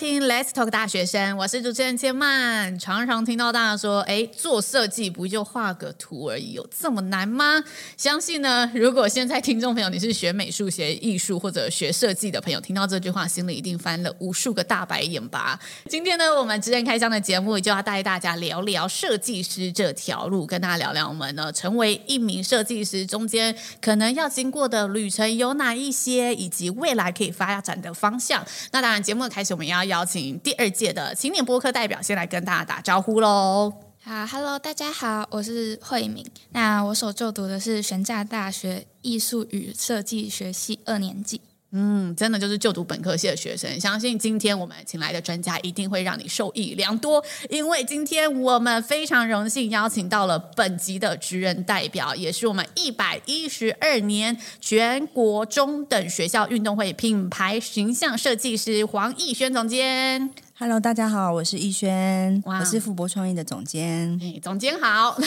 聽 Let's Talk 大學聲，我是主持人千曼，常常聽到大家說，哎，做設計不就畫個圖而已，有這麼難嗎？相信呢，如果現在聽眾朋友你是學美術、學藝術或者學設計的朋友，聽到這句話，心裡一定翻了無數個大白眼吧。今天呢，我們職人開箱的節目就要帶大家聊聊設計師這條路，跟大家聊聊我們呢成為一名設計師中間可能要經過的旅程有哪一些，以及未來可以發展的方向。那當然，節目的開始我們要邀請第二屆的青年播客代表先來跟大家打招呼嘍。哈，Hello，大家好，我是慧敏。那我所就讀的是玄奘大學藝術與設計學系二年級。嗯，真的就是就讀本科系的學生，相信今天我們請來的專家一定會讓你受益良多，因為今天我們非常榮幸邀請到了本集的職人代表，也是我們一百一十二年全國中等學校運動會品牌形象設計師黃翌萱總監。Hello，大家好，我是翌萱，Wow. 我是富博創意的總監。哎、嗯，總監好。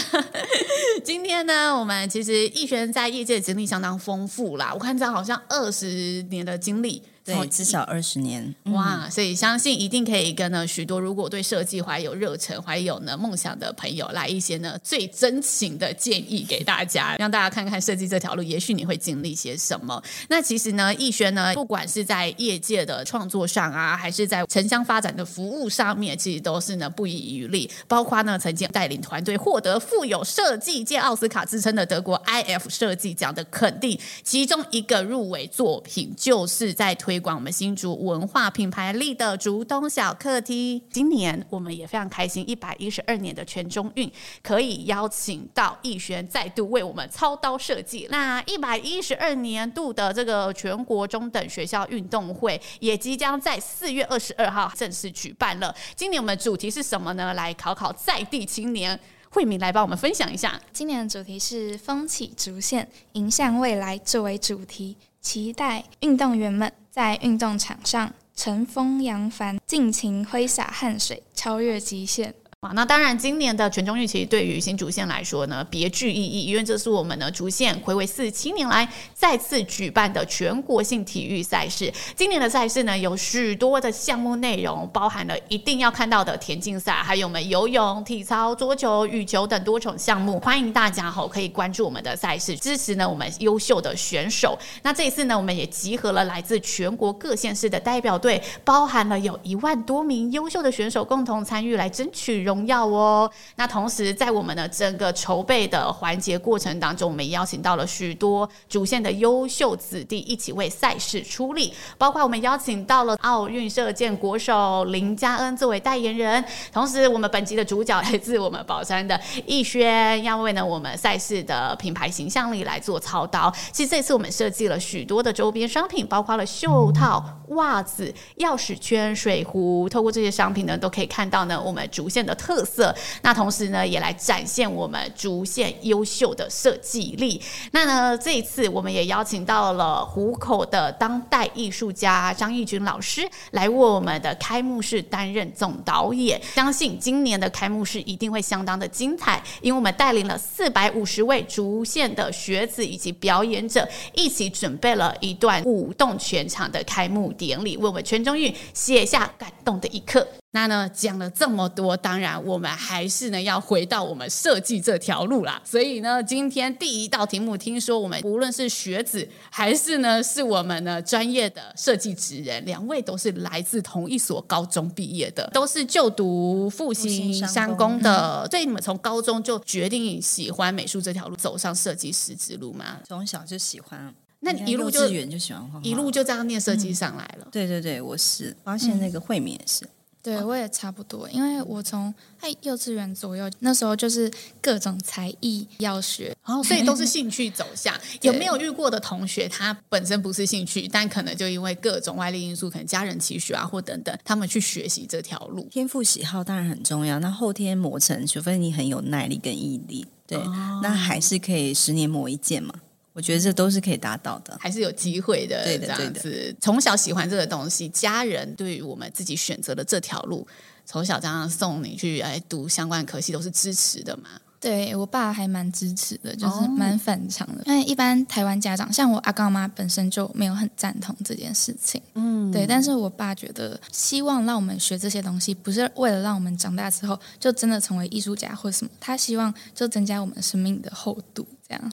今天呢，我們其實翌萱在業界經歷相當豐富啦，我看這樣好像二十年的經歷。對，至少二十年。嗯、哼哇，所以相信一定可以跟呢許多如果對設計懷有熱忱、懷有呢夢想的朋友，來一些呢最真情的建議給大家，讓大家看看設計這條路，也許你會經歷些什麼。那其實呢，翌萱呢，不管是在業界的創作上啊，還是在城鄉發展的服務上面，其實都是呢不遺餘力。包括呢，曾經帶領團隊獲得富有設計界奧斯卡之稱的德國 I F 設計獎的肯定，其中一個入圍作品就是在推。推廣我們新竹文化品牌力的竹東小客廳，今年我們也非常開心，一百一十二年的全中運可以邀請到翌萱再度為我們操刀設計。那一百一十二年度的這個全國中等學校運動會也即將在四月二十二號正式舉辦了。今年我們主題是什麼呢？來考考在地青年慧敏，慧敏來幫我們分享一下。今年的主題是“風起竹縣，迎向未來”作為主題，期待運動員們。在運動場上，乘風揚帆，盡情揮灑汗水，超越極限。那當然，今年的全中運對於新竹縣來說呢，別具意義，因為這是我們呢竹縣睽違四十七年來再次舉辦的全國性體育賽事。今年的賽事呢，有許多的項目內容，包含了一定要看到的田徑賽，還有我們游泳、體操、桌球、羽球等多種項目。歡迎大家哈，可以關注我們的賽事，支持呢我們優秀的選手。那這一次呢，我們也集合了來自全國各縣市的代表隊，包含了有一萬多名優秀的選手共同參與來爭取榮榮耀哦！那同時，在我們的整個籌備的環節過程當中，我們邀請到了許多竹縣的優秀子弟一起為賽事出力，包括我們邀請到了奧運射箭國手林佳恩作為代言人。同時，我們本集的主角來自我們寶山的翌萱，要為呢我們賽事的品牌形象力來做操刀。其實這次我們設計了許多的周邊商品，包括了袖套、襪子、鑰匙圈、水壺。透過這些商品呢，都可以看到呢我們竹縣的。特色。那同時呢，也來展現我們竹縣優秀的設計力。那呢，這一次我們也邀請到了湖口的當代藝術家張義軍老師來為我們的開幕式擔任總導演。相信今年的開幕式一定會相當的精彩，因為我們帶領了四百五十位竹縣的學子以及表演者一起準備了一段舞動全場的開幕典禮，為我們全中運寫下感動的一刻。那呢，講了這麼多，當然我們還是呢要回到我們設計這條路啦。所以呢，今天第一道題目，聽說我們無論是學子還是呢是我們的專業的設計職人，兩位都是來自同一所高中畢業的，都是就讀復興商工,商工的，嗯、所以你們從高中就決定喜歡美術這條路，走上設計師之路嗎？從小就喜歡，那你一路就,就畫畫一路就這樣念設計上來了。嗯、對對對，我是發現那個慧敏也是。嗯對，我也差不多，oh. 因為我從哎幼稚園左右那時候就是各種才藝要學，然後、oh, okay. 所以都是興趣走向。有沒有遇過的同學，他本身不是興趣，但可能就因為各種外力因素，可能家人期許啊，或等等，他們去學習這條路。天賦喜好當然很重要，那後天磨成，除非你很有耐力跟毅力，對，oh. 那還是可以十年磨一劍嘛。我覺得這都是可以達到的，還是有機會的。嗯、對的、對的，這樣子，從小喜歡這個東西，家人對於我們自己選擇的這條路，從小這樣送你去來讀相關科系，都是支持的嘛？對，我爸還蠻支持的，就是蠻反常的，哦、因為一般台灣家長，像我阿剛媽本身就沒有很贊同這件事情。嗯，對，但是我爸覺得，希望讓我們學這些東西，不是為了讓我們長大之後就真的成為藝術家或者什麼，他希望就增加我們生命的厚度。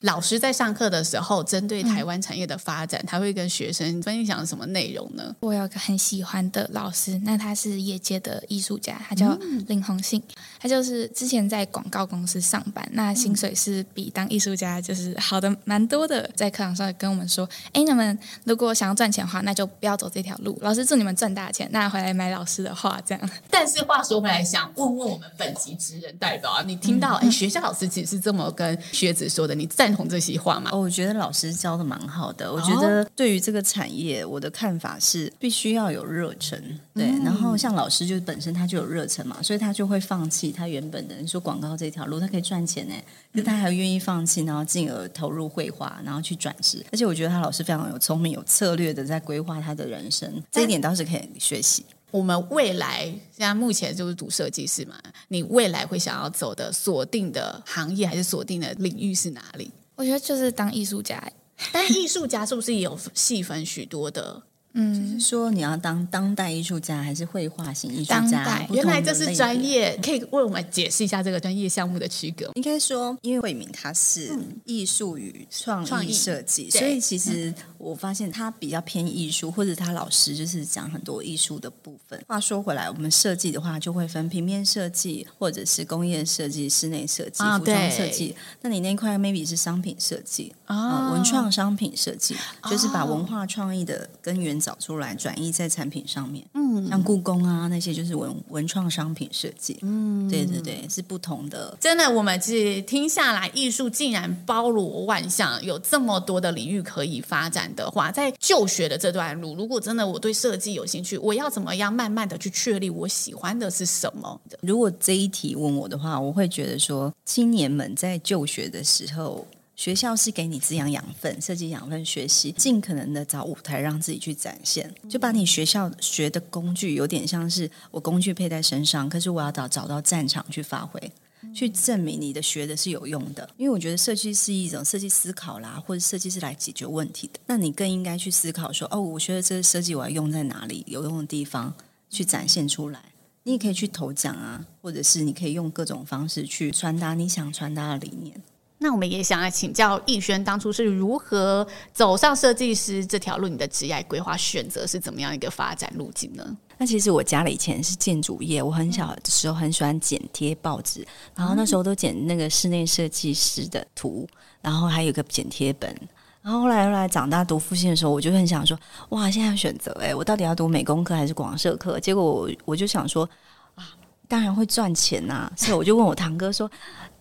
老師在上課的時候，針對台灣產業的發展，嗯、他會跟學生分享什麼內容呢？我有個很喜歡的老師，那他是業界的藝術家，他叫林宏信，嗯、他就是之前在廣告公司上班，那薪水是比當藝術家就是好的蠻多的。在課堂上跟我們說：“哎，你們如果想要賺錢的話，那就不要走這條路。”老師祝你們賺大錢，那回來買老師的畫這樣。但是話說回來，想問問我們本集職人代表啊，你聽到哎、嗯、學校老師其實是這麼跟學子說的，你？贊同這些話嘛、哦？我覺得老師教得蠻好的。哦、我覺得對於這個產業，我的看法是必須要有熱忱。對，嗯、然後像老師就是本身他就有熱忱嘛，所以他就會放棄他原本的你說廣告這條路，他可以賺錢呢，但他還願意放棄，然後進而投入繪畫，然後去轉職。而且我覺得他老師非常有聰明、有策略的在規劃他的人生，這一點倒是可以學習。我們未來現在目前就是讀設計師嘛？你未來會想要走的鎖定的行業還是鎖定的領域是哪裡？我覺得就是當藝術家，但藝術家是不是也有細分許多的？ 嗯，是說你要當當代藝術家還是繪畫型藝術家？當代原來這是專業，嗯、可以為我們解釋一下這個專業項目的區隔。你應該說，因為慧敏他是藝術與創意設計，所以其實。嗯我發現他比較偏藝術，或者他老師就是講很多藝術的部分。話說回來，我們設計的話就會分平面設計，或者是工業設計、室內設計、啊、對服裝設計。那你那塊 maybe 是商品設計啊、哦呃，文創商品設計，哦、就是把文化創意的根源找出來，轉移在產品上面。嗯，像故宮啊那些就是文文創商品設計。嗯，對對對，是不同的。真的，我們其實聽下來，藝術竟然包羅萬象，有這麼多的領域可以發展。的話，在就學的這段路，如果真的我對設計有興趣，我要怎麼樣慢慢的去確立我喜歡的是什麼？如果這一題問我的話，我會覺得說，青年們在就學的時候，學校是給你滋養養分、設計養分、學習，儘可能的找舞台讓自己去展現，就把你學校學的工具，有點像是我工具配在身上，可是我要找找到戰場去發揮。去證明你的學的是有用的，因為我覺得設計是一種設計思考啦，或者設計是來解決問題的。那你更應該去思考說，哦，我學的這個設計我要用在哪裡，有用的地方去展現出來。你也可以去投獎啊，或者是你可以用各種方式去傳達你想傳達的理念。那我們也想要請教翌萱當初是如何走上設計師這條路？你的職業規劃選擇是怎麼樣一個發展路徑呢？那其實我家裡以前是建築業，我很小的時候很喜歡剪貼報紙，嗯、然後那時候都剪那個室內設計師的圖，然後還有一個剪貼本。然後後來後來長大讀復興的時候，我就很想說，哇，現在要選擇哎、欸，我到底要讀美工科還是廣設科？結果我我就想說啊，當然會賺錢吶、啊，所以我就問我堂哥說。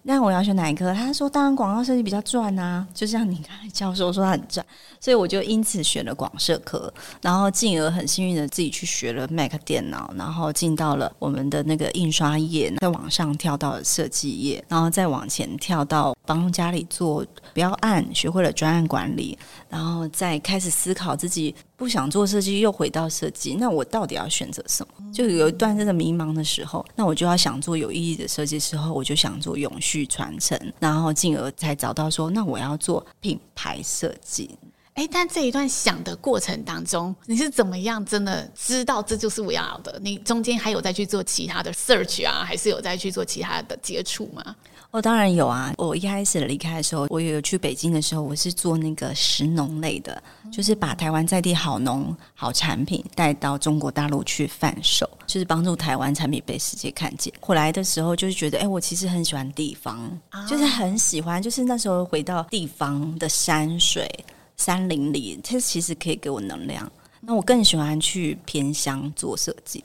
那我要選哪一科？他說，當然廣告設計比較賺啊，就像你剛才教授說，他很賺，所以我就因此選了廣設科，然後進而很幸運的自己去學了 Mac 電腦，然後進到了我們的那個印刷業，再往上跳到了設計業，然後再往前跳到幫家裡做標案，學會了專案管理，然後再開始思考自己。不想做設計，又回到設計，那我到底要選擇什麼？就有一段真的迷茫的時候，那我就要想做有意義的設計，之後我就想做永續傳承，然後進而才找到說，那我要做品牌設計。哎、欸，但這一段想的過程當中，你是怎麼樣真的知道這就是我要的？你中間還有再去做其他的 search 啊，還是有再去做其他的接觸嗎？哦，當然有啊！我一開始離開的時候，我有去北京的時候，我是做那個食農類的，就是把台灣在地好農好產品帶到中國大陸去販售，就是幫助台灣產品被世界看見。回來的時候，就是覺得，哎、欸，我其實很喜歡地方，就是很喜歡，就是那時候回到地方的山水、山林裡，它其實可以給我能量。那我更喜歡去偏鄉做設計。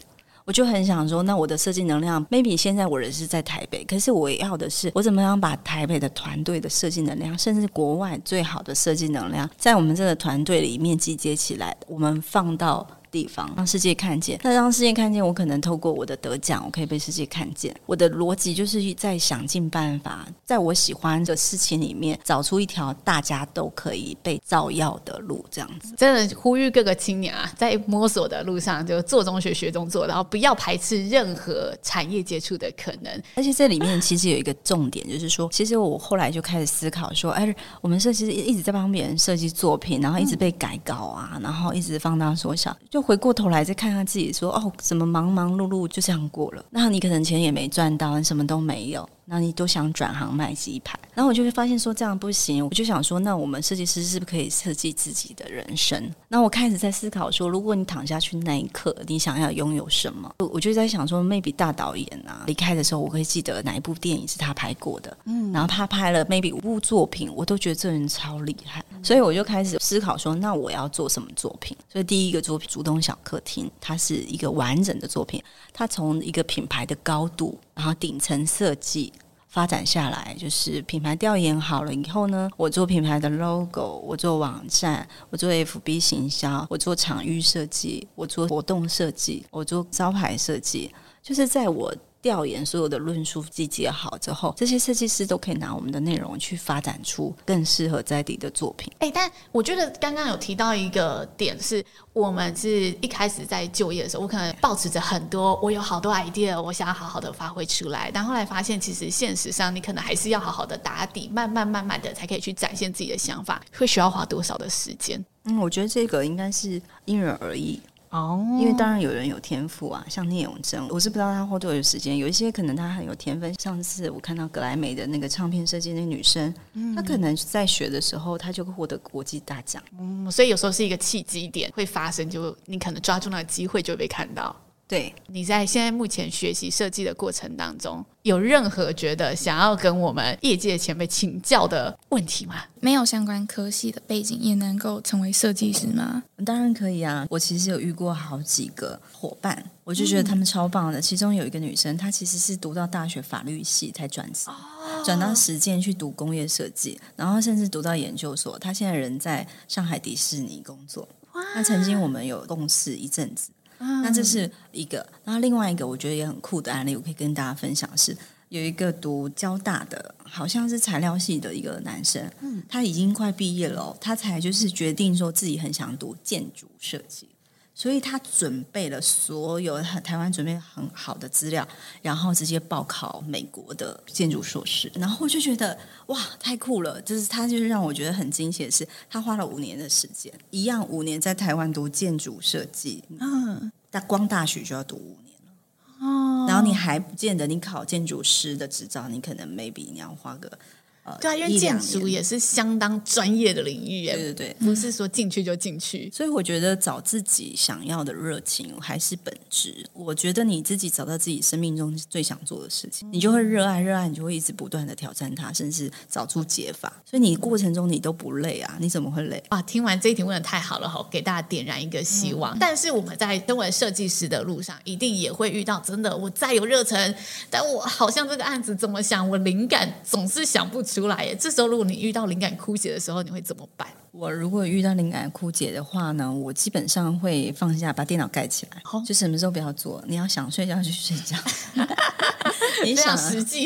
我就很想說，那我的設計能量，maybe 現在我人是在台北，可是我要的是，我怎麼樣把台北的團隊的設計能量，甚至國外最好的設計能量，在我們這個團隊裡面集結起來，我們放到。地方讓世界看見，那讓世界看見我可能透過我的得獎，我可以被世界看見。我的邏輯就是在想盡辦法，在我喜歡的事情裡面找出一條大家都可以被照耀的路，這樣子。真的呼籲各個青年啊，在摸索的路上就做中學學中做，然後不要排斥任何產業接觸的可能。而且這裡面其實有一個重點，就是說，其實我後來就開始思考說，哎，我們設計師一,一直在幫別人設計作品，然後一直被改稿啊，嗯、然後一直放大縮小，就。回過頭來再看看自己，說哦，怎麼忙忙碌碌就這樣過了？那你可能錢也沒賺到，你什麼都沒有。那你都想轉行賣雞排，然後我就會發現說這樣不行，我就想說，那我們設計師是不是可以設計自己的人生？那我開始在思考說，如果你躺下去那一刻，你想要擁有什麼？我就在想說，maybe 大導演啊，離開的時候，我會記得哪一部電影是他拍過的？嗯，然後他拍了 maybe 五部作品，我都覺得這人超厲害，所以我就開始思考說，那我要做什麼作品？所以第一個作品，竹東小客廳，它是一個完整的作品，它從一個品牌的高度。然後，頂層設計發展下來，就是品牌調研好了以後呢，我做品牌的 logo，我做網站，我做 FB 行銷，我做場域設計，我做活動設計，我做招牌設計，就是在我，調研所有的論述集結好之後，這些設計師都可以拿我們的內容去發展出更適合在地的作品。誒、欸，但我覺得剛剛有提到一個點是，是我們是一開始在就業的時候，我可能抱持着很多，我有好多 idea，我想要好好的發揮出來。但後來發現，其實現實上你可能還是要好好的打底，慢慢慢慢的才可以去展現自己的想法。會需要花多少的時間？嗯，我覺得這個應該是因人而異。哦，oh. 因為當然有人有天賦啊，像聶永貞，我是不知道他花多久時間。有一些可能他很有天分，上次我看到格萊美的那個唱片設計那個女生，她、嗯、可能在學的時候，她就會獲得國際大獎。嗯，所以有時候是一個契機點會發生，就你可能抓住那個機會就會被看到。對，你在現在目前學習設計的過程當中，有任何覺得想要跟我們業界前輩請教的問題嗎？沒有相關科系的背景，也能夠成為設計師嗎？當然可以啊！我其實有遇過好幾個夥伴，我就覺得他們超棒的。嗯、其中有一個女生，她其實是讀到大學法律系才轉職，哦、轉到實踐去讀工業設計，然後甚至讀到研究所。她現在人在上海迪士尼工作，那哇曾經我們有共事一陣子。 那這是一個，那另外一個我覺得也很酷的案例，我可以跟大家分享是有一個讀交大的，好像是材料系的一個男生，嗯，他已經快畢業了，他才就是決定說自己很想讀建築設計。所以他準備了所有台灣準備很好的資料，然後直接報考美國的建築碩士。然後我就覺得哇，太酷了！就是他，就是讓我覺得很驚險，是，他花了五年的時間，一樣五年在台灣讀建築設計。嗯，但光大學就要讀五年哦，然後你還不見得你考建築師的執照，你可能 maybe 你要花個。呃、對，因為建築也是相當專業的領域耶，對對對，嗯、不是說進去就進去。所以我覺得找自己想要的熱情還是本質。我覺得你自己找到自己生命中最想做的事情，嗯、你就會熱愛，熱愛你就會一直不斷的挑戰它，甚至找出解法。所以你過程中你都不累啊，你怎麼會累啊？聽完這一題問的太好了哈，給大家點燃一個希望。嗯、但是我們在成為設計師的路上，一定也會遇到真的，我再有熱忱，但我好像這個案子怎麼想，我靈感總是想不出出來耶。這時候如果你遇到靈感枯竭的時候，你會怎麼辦？我如果遇到靈感枯竭的話呢，我基本上會放下，把電腦蓋起來。好，oh. 就什麼時候不要做，你要想睡覺就去睡覺。你想、 啊、不要實際。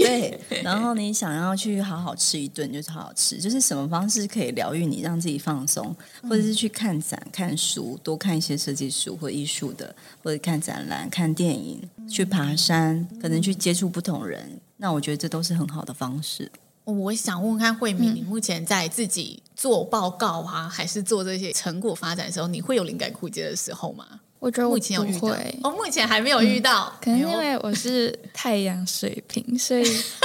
對。然後你想要去好好吃一頓，就是好好吃。就是什麼方式可以療癒你，讓自己放鬆，或者是去看展、嗯、看書，多看一些設計書或藝術的，或者看展覽、看電影、去爬山，嗯、可能去接觸不同人。那我覺得這都是很好的方式。我想問問看慧敏，你目前在自己做報告啊，嗯、還是做這些成果發展的時候，你會有靈感枯竭的時候嗎？我覺得我不會，我目，、哦、目前還沒有遇到，嗯，可能因為我是太陽水瓶， 所以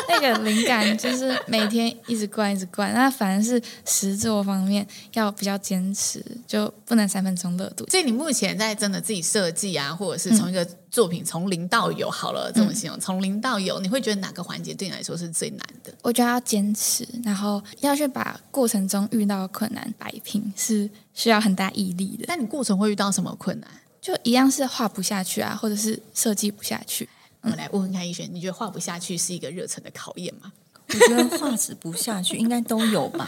那個靈感就是每天一直灌一直灌。那反而是實作方面要比較堅持，就不能三分鐘熱度。所以你目前在真的自己設計啊，或者是從一個作品，嗯、從零到有，好了怎麼形容，嗯、從零到有，你會覺得哪個環節對你來說是最難的？我覺得要堅持，然後要去把過程中遇到的困難擺平，是需要很大毅力的。那你過程會遇到什麼困難？就一樣是畫不下去啊，或者是設計不下去。我們來問問、嗯、看，翌萱，你覺得畫不下去是一個熱忱的考驗嗎？我覺得畫紙不下去 應該都有吧，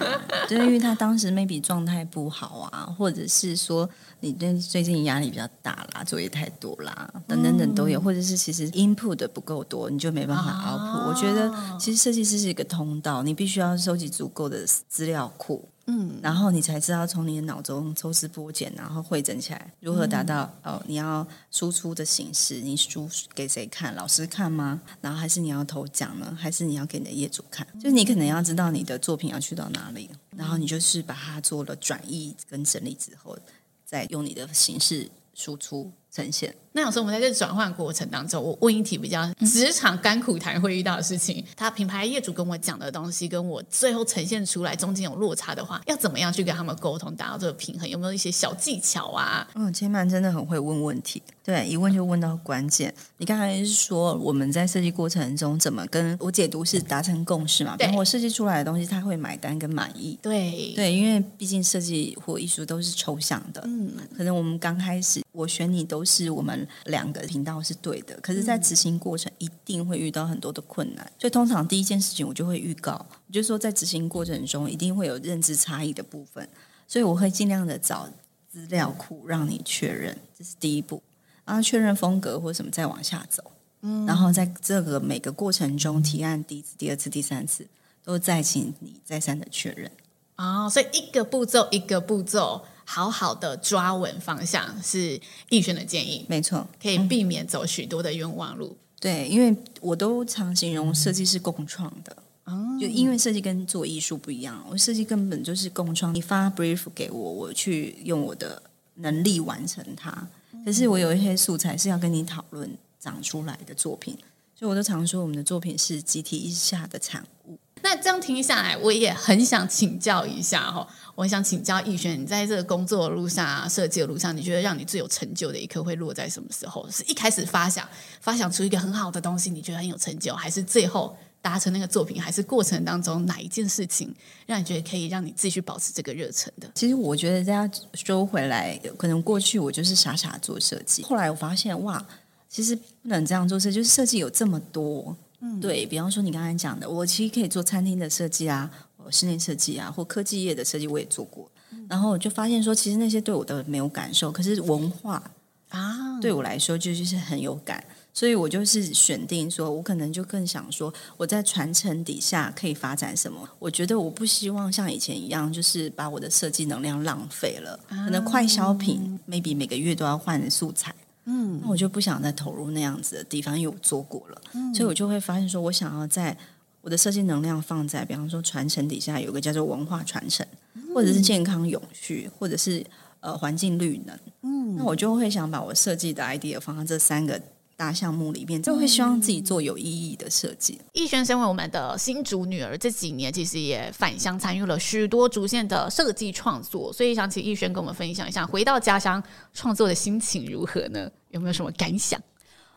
就是因為他當時 maybe 狀態不好啊，或者是說你最近壓力比較大啦，作業太多啦，等等等等都有，嗯、或者是其實 input 的不夠多，你就沒辦法 output。哦、我覺得其實設計師是一個通道，你必須要收集足夠的資料庫。嗯，然後你才知道從你的腦中抽絲剝繭，然後彙整起來，如何達到、嗯、哦，你要輸出的形式，你輸給誰看？老師看嗎？然後還是你要投獎呢？還是你要給你的業主看？就是你可能要知道你的作品要去到哪裡，嗯、然後你就是把它做了轉移跟整理之後，再用你的形式輸出。呈現。那有時候我們在這轉換過程當中，我問一題比較職場甘苦談會遇到的事情。嗯、他品牌業主跟我講的東西，跟我最後呈現出來中間有落差的話，要怎麼樣去跟他們溝通，達到這個平衡？有沒有一些小技巧啊？嗯，千曼真的很會問問題，對，一問就問到關鍵。嗯、你剛才說，我們在設計過程中怎麼跟我解讀是達成共識嘛？對、嗯、我設計出來的東西，他會買單跟滿意。對對，因為畢竟設計或藝術都是抽象的，嗯，可能我們剛開始我選你都。是我們兩個頻道是對的，可是，在執行過程一定會遇到很多的困難，嗯、所以通常第一件事情我就會預告，就是說在執行過程中一定會有認知差異的部分，所以我會盡量的找資料庫讓你確認，這是第一步，然後確認風格或什麼再往下走，嗯，然後在這個每個過程中，提案第一次、第二次、第三次都再請你再三的確認，啊、哦，所以一個步驟一個步驟。好好的抓穩方向是翌萱的建議，沒錯，可以避免走許多的冤枉路，嗯。對，因為我都常形容設計是共創的，嗯、就因為設計跟做藝術不一樣，我設計根本就是共創。你發 brief 給我，我去用我的能力完成它，可是我有一些素材是要跟你討論長出來的作品，所以我都常說我們的作品是集體意識下的產物。那這樣停下來，我也很想請教一下哈，我想請教翌萱，你在這個工作的路上、設計的路上，你覺得讓你最有成就的一刻會落在什麼時候？是一開始發想、發想出一個很好的東西，你覺得很有成就，還是最後達成那個作品，還是過程當中哪一件事情讓你覺得可以讓你繼續保持這個熱忱的？其實我覺得，大家說回來，可能過去我就是傻傻做設計，後來我發現，哇，其實不能這樣做設計，就是設計有這麼多。對，比方說，你剛才講的，我其實可以做餐廳的設計啊，室內設計啊，或科技業的設計，我也做過。然後我就發現說，其實那些對我都沒有感受，可是文化啊，對我來說就是很有感，所以我就是選定說，我可能就更想說，我在傳承底下可以發展什麼？我覺得我不希望像以前一樣，就是把我的設計能量浪費了，可能快消品、嗯、maybe 每個月都要換素材。嗯，那我就不想再投入那樣子的地方，因為我做過了，嗯，所以我就會發現，說我想要在我的設計能量放在，比方說傳承底下有個叫做文化傳承，嗯，或者是健康永續，或者是呃環境綠能，嗯，那我就會想把我設計的 idea 放在這三個。大項目裡面，就會希望自己做有意義的設計。翌萱、嗯、身為我們的新竹女兒，這幾年其實也返鄉參與了許多竹縣的設計創作，所以想請翌萱跟我們分享一下回到家鄉創作的心情如何呢？有沒有什麼感想？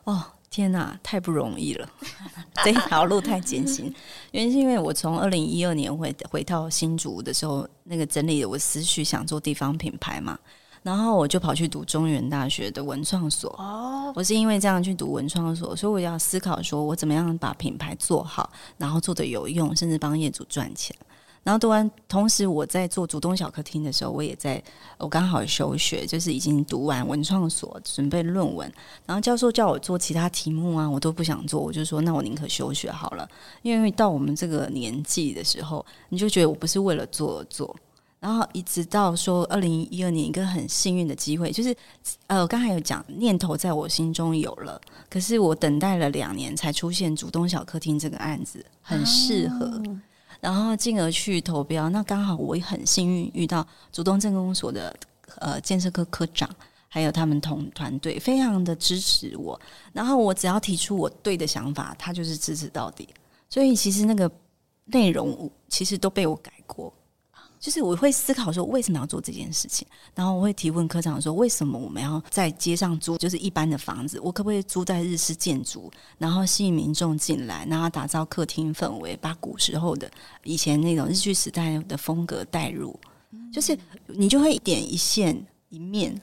哦，天哪、啊，太不容易了， 這一條路太艱辛。原因是 因為我從二零一二年回回到新竹的時候，那個整理我思緒，想做地方品牌嘛。然後我就跑去讀中原大學的文創所。哦，我是因為這樣去讀文創所，所以我要思考說我怎麼樣把品牌做好，然後做得有用，甚至幫業主賺錢。然後讀完，同時我在做主動小客廳的時候，我也在，我剛好休學，就是已經讀完文創所，準備論文。然後教授叫我做其他題目啊，我都不想做，我就說那我寧可休學好了，因為到我們這個年紀的時候，你就覺得我不是為了做而做。然後一直到說二零一二年，一個很幸運的機會，就是呃，我剛才有講念頭在我心中有了，可是我等待了兩年才出現主動小客廳這個案子很適合，啊、然後進而去投標。那剛好我也很幸運遇到主動鎮公所的呃建設科科長，還有他們同團隊非常的支持我。然後我只要提出我對的想法，他就是支持到底。所以其實那個內容其實都被我改過。就是我會思考說為什麼要做這件事情，然後我會提問科長說為什麼我們要在街上租就是一般的房子，我可不可以租在日式建築，然後吸引民眾進來，然後打造客廳氛圍，把古時候的以前那種日劇時代的風格帶入，就是你就會一點一線一面，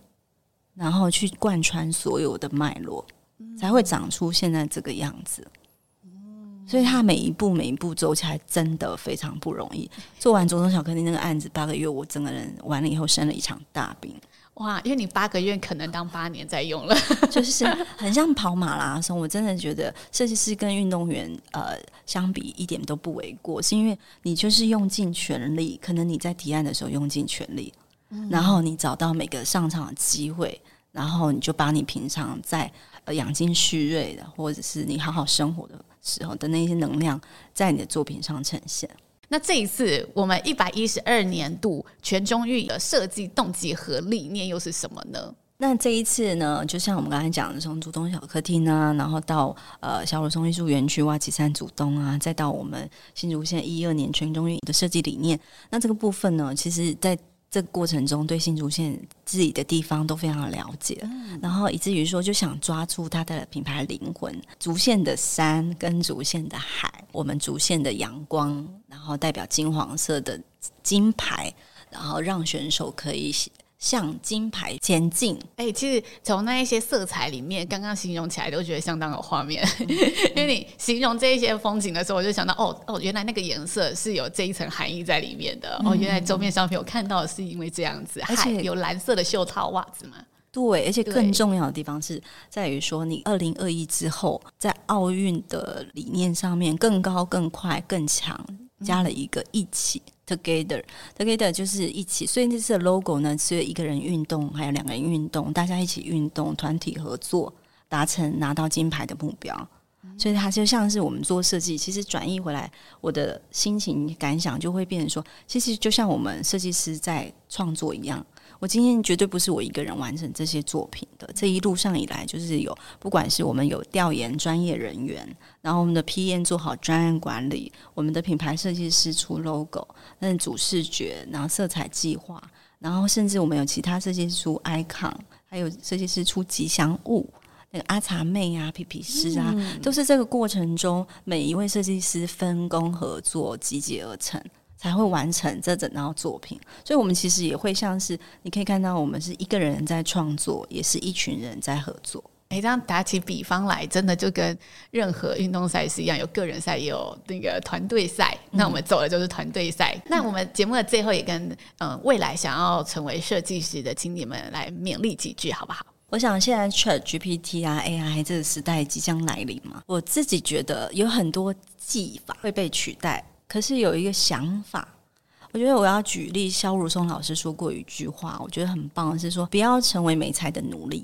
然後去貫穿所有的脈絡，才會長出現在這個樣子。所以他每一步每一步走起來真的非常不容易。Okay. 做完佐敦巧克力那個案子八個月，我整個人完了以後生了一場大病。哇！因為你八個月可能當八年在用了， 就是很像跑馬拉松。 我真的覺得設計師跟運動員呃相比一點都不為過，是因為你就是用盡全力，可能你在提案的時候用盡全力，嗯、然後你找到每個上場的機會，然後你就把你平常在。呃、養精蓄銳的，或者是你好好生活的時候的那些能量，在你的作品上呈現。那這一次我們一百一十二年度全中運的設計動機和理念又是什麼呢？那這一次呢，就像我們剛才講的，從竹東小客廳啊，然後到呃蕭如松藝術園區、蛙崎山竹東啊，再到我們新竹縣一一二年全中運的設計理念，那這個部分呢，其實，在。這個過程中對新竹縣自己的地方都非常了解，然後以至於說就想抓住它的品牌的靈魂，竹縣的山跟竹縣的海，我們竹縣的陽光，然後代表金黃色的金牌，然後讓選手可以向金牌前進，哎、欸，其實從那一些色彩裡面，剛剛形容起來都覺得相當有畫面。嗯、 因為你形容這些風景的時候，我就想到，哦哦，原來那個顏色是有這一層含義在裡面的。嗯、哦，原來周邊商品我看到的是因為這樣子，且還有藍色的袖套、襪子嘛。對，而且更重要的地方是在於說，你二零二一之後，在奧運的理念上面，更高、更快更、更強。加了一個一起、嗯、together together 就是一起，所以這次的 logo 呢，是有一個人運動，還有兩個人運動，大家一起運動，團體合作達成拿到金牌的目標，所以它就像是我們做設計，其實轉譯回來，我的心情感想就會變成說，其實就像我們設計師在創作一樣。我今天絕對不是我一個人完成這些作品的。這一路上以來，就是有不管是我們有調研專業人員，然後我們的 P N 做好專案管理，我們的品牌設計師出 logo，那主視覺，然後色彩計劃，然後甚至我們有其他設計師出 icon，還有設計師出吉祥物，那個阿茶妹啊、皮皮師啊，都是這個過程中每一位設計師分工合作集結而成，才會完成這整套作品，所以我們其實也會像是你可以看到，我們是一個人在創作，也是一群人在合作。誒、欸，這樣打起比方來，真的就跟任何運動賽是一樣，有個人賽，也有那個團隊賽。嗯、那我們走的就是團隊賽。嗯、那我們節目的最後也跟嗯，未來想要成為設計師的，青年們來勉勵幾句好不好？我想現在 Chat GPT 啊 AI 這個時代即將來臨嘛，我自己覺得有很多技法會被取代。可是有一個想法，我覺得我要舉例，蕭如松老師說過一句話，我覺得很棒，是說，不要成為媒材的奴隸，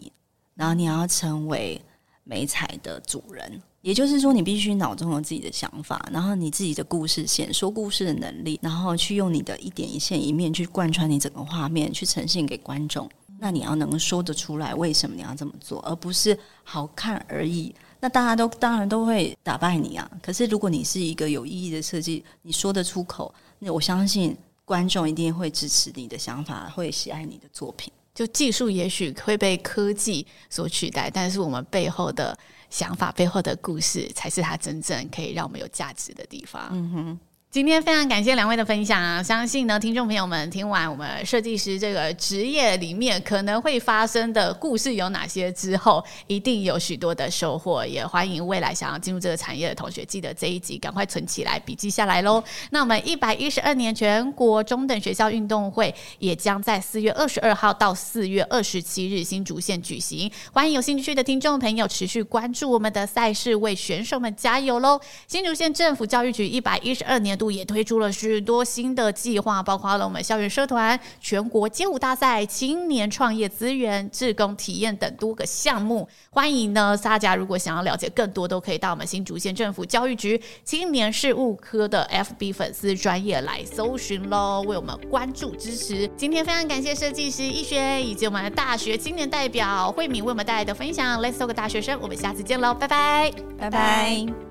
然後你要成為媒材的主人。也就是說，你必須腦中有自己的想法，然後你自己的故事線、說故事的能力，然後去用你的一點一線一面去貫穿你整個畫面，去呈現給觀眾。那你要能說得出來，為什麼你要這麼做，而不是好看而已。那大家都當然都會打敗你啊！可是如果你是一個有意義的設計，你說得出口，那我相信觀眾一定會支持你的想法，會喜愛你的作品。就技術也許會被科技所取代，但是我們背後的想法、背後的故事，才是它真正可以讓我們有價值的地方。嗯哼。今天非常感謝兩位的分享啊！相信呢，聽眾朋友們聽完我們設計師這個職業裡面可能會發生的故事有哪些之後，一定有許多的收穫。也歡迎未來想要進入這個產業的同學，記得這一集趕快存起來，筆記下來嘍。那我們一百一十二年全國中等學校運動會也將在四月二十二號到四月二十七日新竹縣舉行，歡迎有興趣的聽眾朋友持續關注我們的賽事，為選手們加油嘍！新竹縣政府教育局一百一十二年度也推出了許多新的計劃，包括了我們校園社團、全國街舞大賽、青年創業資源、志工體驗等多個項目。歡迎呢，大家如果想要了解更多，都可以到我們新竹縣政府教育局青年事務科的 FB 粉絲專頁來搜尋嘍，為我們關注支持。今天非常感謝設計師翌萱以及我們的大學青年代表慧敏為我們帶來的分享。Let's Talk 大學聲，我們下次見嘍，拜拜，拜拜。